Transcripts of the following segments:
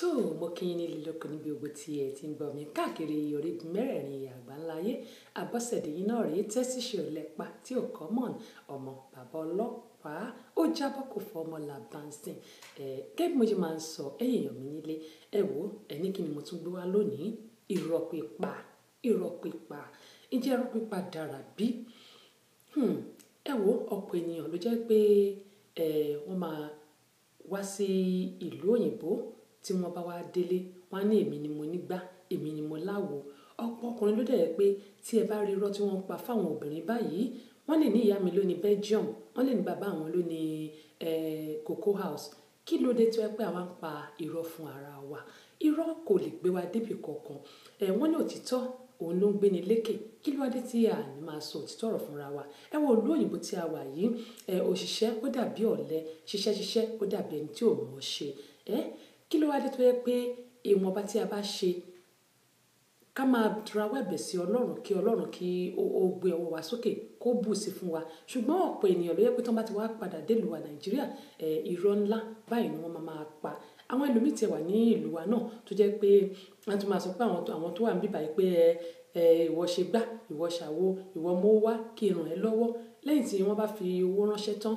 tó mo kí ni nílé lóko níbi ògbó tí ẹ ti ń gbọ́ mi káàkiri orígun mẹ́rẹ̀ẹ̀rin àgbáńláyé àbọ̀sẹ̀dé yín náà rèé tẹ́síṣe ọ̀lẹ́pa tí ò kọ́ mọ̀ ọmọ bàbá ọlọ́pàá ó jábọ́ kò fọ ọmọ làbánsìn ẹ kẹ́bí mo ṣe máa ń sọ ẹ̀yìn èèyàn mi nílé ẹ wo ẹni kí ni mo tún gbé wá lónìí irọ́ pípa irọ́ pípa dára bí hmm, ẹ wo ọ̀pọ̀ ènìyàn ló jẹ́ pé wọ́n máa wá sí ìlú òyìnbó tí wọ́n bá wá délé wọ́n á ní èmi ni mo nígbà èmi ni mo láwo ọ̀pọ̀ ọkùnrin ló dẹ̀ yẹ pé tí ẹ bá rí irọ́ tí wọ́n pa fáwọn obìnrin báyìí wọ́n lè ní ìyá mi ló Belgium wọ́n lè ní bàbá àwọn ló cocoa house kí ló dé tó yẹ pé àwa ń pa irọ́ fún ara wa irọ́ kò lè gbé wa débi kankan ẹ̀ wọ́n ní òtítọ́ òun ló ń gbé ni lékè kí ló wá dé tí a ní máa sọ òtítọ́ ọ̀rọ̀ fúnra wa ẹ wo olú òyìnbó tí a wà yìí òṣìṣẹ́ ó dàbí ọ̀lẹ ṣiṣẹ́ ṣiṣẹ́ ó dàbí ẹni tí ò mọ̀ ṣe kí ló wá dé tó yẹ pé ìwọ̀nba tí a bá ṣe ká máa rawọ́ ẹ̀bẹ̀ sí ọlọ́run kí ọlọ́run kí ó gbé ọwọ́ wa sókè kó bù sí fún wa ṣùgbọ́n ọ̀pọ̀ ènìyàn ló yẹ pé tí wọ́n bá ti wá padà délùú wa nàìjíríà irọ́ ńlá báyìí ni wọ́n máa máa pa àwọn ẹlòmíì tiẹ̀ wà ní ìlú wa náà tó jẹ́ pé wọ́n tún máa sọ pé àwọn tó wà ń bíbáyìí pé ìwọ ṣe gbá ìwọ ṣàwo ìwọ mọ́ wá kí ràn ẹ́ lọ́wọ́ lẹ́yìn tí wọ́n bá fi owó ránṣẹ́ tán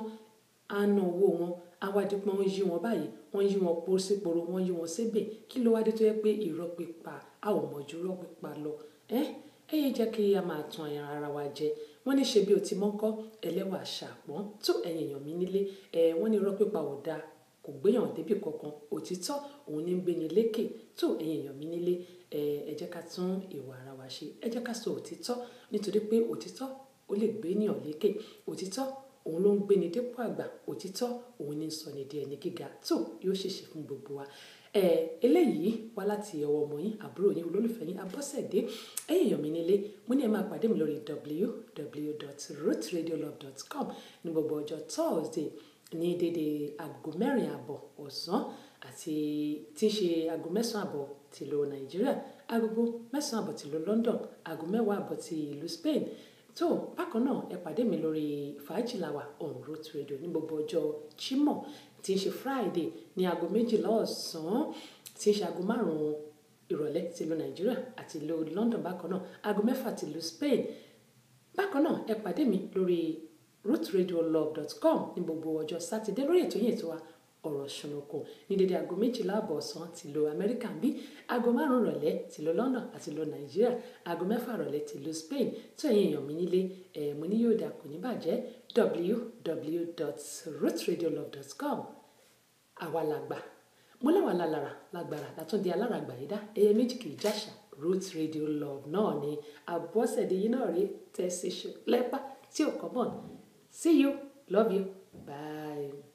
á ná owó wọn àwa di pé wọ́n yí wọn báyìí wọ́n yí wọn po síporo wọ́n yí wọn síbẹ̀ kí ló wá dé tó yẹ pé irọ́ pípa a ò mọ̀jú irọ́ pípa lọ ẹ́ ẹ yé jẹ́ kí a máa tan ara wa jẹ wọ́n ní ṣe bí o ti mọ́kọ́ ẹlẹ́wà ṣàpọ́n tó ẹ̀yìn èèyàn mi nílé ẹ̀ wọ́n ní irọ́ pípa ò dáa kò gbéyàn débì kankan òtítọ́ òun ní gbéni lékè tó ẹ̀yìn èèyàn mi nílé ẹ jẹ́ ká tún ìwà ara wa ṣe ẹ jẹ́ ká sọ òtítọ́ nítorí pé òtítọ́ ó lè gbéyàn lékè òtítọ́ òun ló ń gbé ni dépò àgbà òtítọ́ òun ní sọ ní di ẹni gíga tó yóò ṣèṣe fún gbogbo wa ẹ eléyìí wá láti ọwọ́ ọmọ yín àbúrò yín olólùfẹ́ yín abọ́sẹ̀dé ẹ̀yìn èèyàn mi nílé mo ní ẹ máa pàdé mi lórí www.rootradiolove.com ní gbogbo ọjọ́ thursday ní dédé aago mẹ́rin àbọ̀ ọ̀sán àti tí ṣe aago mẹ́sàn-án àbọ̀ tìlú nàìjíríà agogo mẹ́sàn-án àbọ̀ tìlú london aago mẹ́wàá àbọ̀ ti spain tó bákan náà ẹ pàdé mi lórí fàájì làwà on road radio ní gbogbo ọjọ́ Jímọ̀ tí í ṣe Friday ní aago méjìlá ọ̀sán tí í ṣe aago márùn-ún ìrọ̀lẹ́ tìlú Nàìjíríà àti ìlú London bákan náà aago mẹ́fà tìlú Spain bákan náà ẹ pàdé mi lórí rootradiolove.com ní gbogbo ọjọ́ sátidé lórí ètò yìí ètò wa ọ̀rọ̀ ṣùnùkù ní dédé aago méjìlá àbọ̀ ọ̀sán ti lo amẹ́ríkà ń bí aago márùn-ún rọ̀lẹ́ ti lo london àti lo nàìjíríà aago mẹ́fà rọ̀lẹ́ ti lo spain tó ẹ̀yin èèyàn mi nílé ẹ̀ mo yóò dà ní bàjẹ́ www.rootsradiolove.com àwa làgbà mo láwa lálára lágbára látúndì aláràgbà yìí dá ẹyẹ méjì kì í jáṣà Roots Radio Love náà ni àbọ̀sẹ̀dé yìí náà rí tẹ̀síṣẹ́ lẹ́pà tí ò kọ́ mọ̀ see you love you bye.